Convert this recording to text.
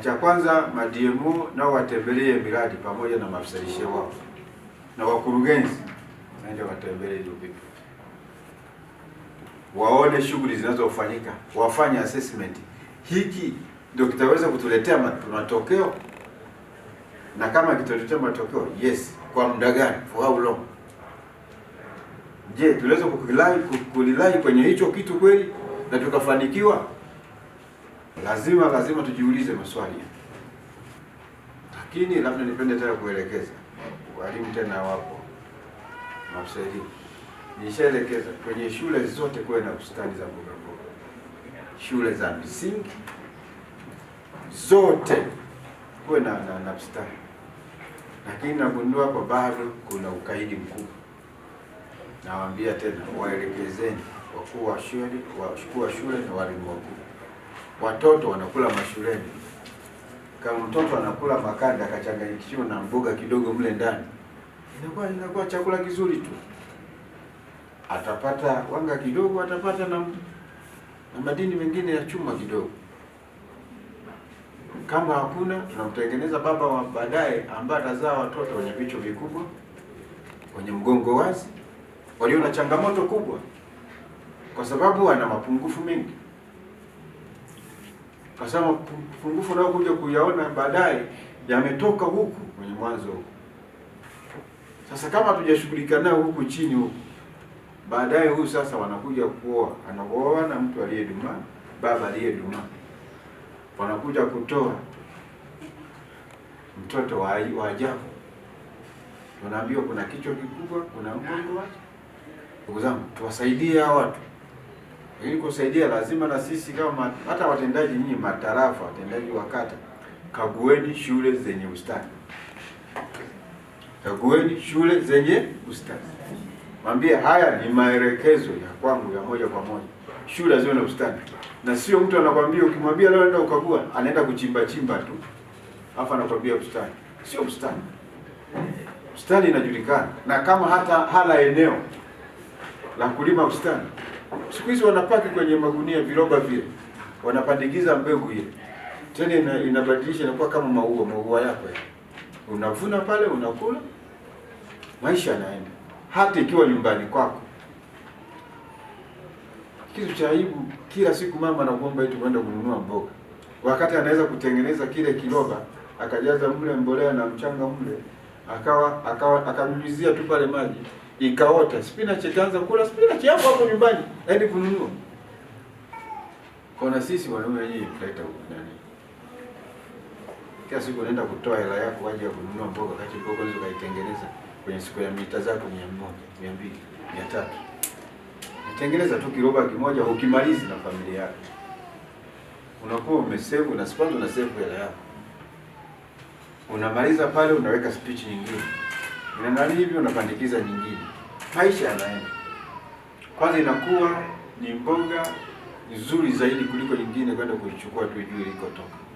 cha kwanza madiemu nao watembelee miradi pamoja na maafisa lishe wao na wakurugenzi, naenda watembelee hiyo vitu, waone shughuli zinazofanyika, wafanye assessment, hiki ndio kitaweza kutuletea matokeo, na kama kitatuletea matokeo yes, kwa muda gani, for how long? Je, kukilai kulilai kwenye hicho kitu kweli na tukafanikiwa? lazima lazima tujiulize maswali, lakini labda nipende tena kuelekeza, walimu tena wapo, na usaidii nishaelekeza kwenye shule zote kuwe na bustani za mboga mboga, shule za msingi zote kuwe na na, na bustani, lakini nagundua kwa bado kuna ukaidi mkubwa. Nawaambia tena waelekezeni wakuu wa shule, wakuu wa shule na walimu wakuu watoto wanakula mashuleni. Kama mtoto anakula makanda akachanganyikiwa na mboga kidogo mle ndani, inakuwa inakuwa chakula kizuri tu, atapata wanga kidogo, atapata na, na madini mengine ya chuma kidogo. Kama hakuna, tunamtengeneza baba wa baadaye ambaye atazaa watoto wenye vichwa vikubwa, wenye mgongo wazi, walio na changamoto kubwa, kwa sababu ana mapungufu mengi kwa sababu mapungufu unayokuja kuyaona baadaye yametoka huku kwenye mwanzo huku. Sasa kama hatujashughulika nao huku chini huku, baadaye huyu sasa wanakuja kuoa, anaoa na mtu aliyeduma, baba aliyeduma, wanakuja kutoa mtoto wa ajabu. Unaambiwa kuna kichwa kikubwa, kuna mgongo. Ndugu zangu, tuwasaidie hawa watu. Ili kusaidia lazima na sisi kama hata watendaji nyinyi matarafa, watendaji wa kata, kagueni shule zenye ustadi, kagueni shule zenye ustadi. Mwambie haya ni maelekezo ya kwangu ya moja kwa moja, shule ziwe na ustadi, na sio mtu anakwambia, ukimwambia leo nenda ukagua, anaenda kuchimba chimba tu, afa anakwambia ustadi. Sio ustadi, ustadi inajulikana, na kama hata hala eneo la kulima ustadi siku hizi wanapaki kwenye magunia viroba vile, wanapandikiza mbegu ile, tena ina, inabadilisha inakuwa kama maua maua yako ya. Unavuna pale unakula, maisha yanaenda, hata ikiwa nyumbani kwako. Kitu cha aibu, kila siku mama anakuomba eti kwenda kununua mboga, wakati anaweza kutengeneza kile kiroba akajaza mle mbolea na mchanga mle, akawa akawa akanyunyizia tu pale maji ikaota spinach, ikaanza kula spinach yako hapo nyumbani, hadi yaani kununua. Kwa sisi wanaume wenyewe tunaita ndani, kila siku unaenda kutoa hela yako waje ya kununua mboga, kati mboga hizo kaitengeneza kwenye siku ya mita zako 100, 200, 300, natengeneza tu kiroba kimoja, ukimalizi na familia yako unakuwa umesevu na na sevu hela yako, unamaliza pale, unaweka speech nyingine unanali hivi, unapandikiza nyingine, maisha yanaenda. Kwanza inakuwa ni mboga nzuri zaidi kuliko nyingine, kwenda kuichukua tu ijue ilikotoka.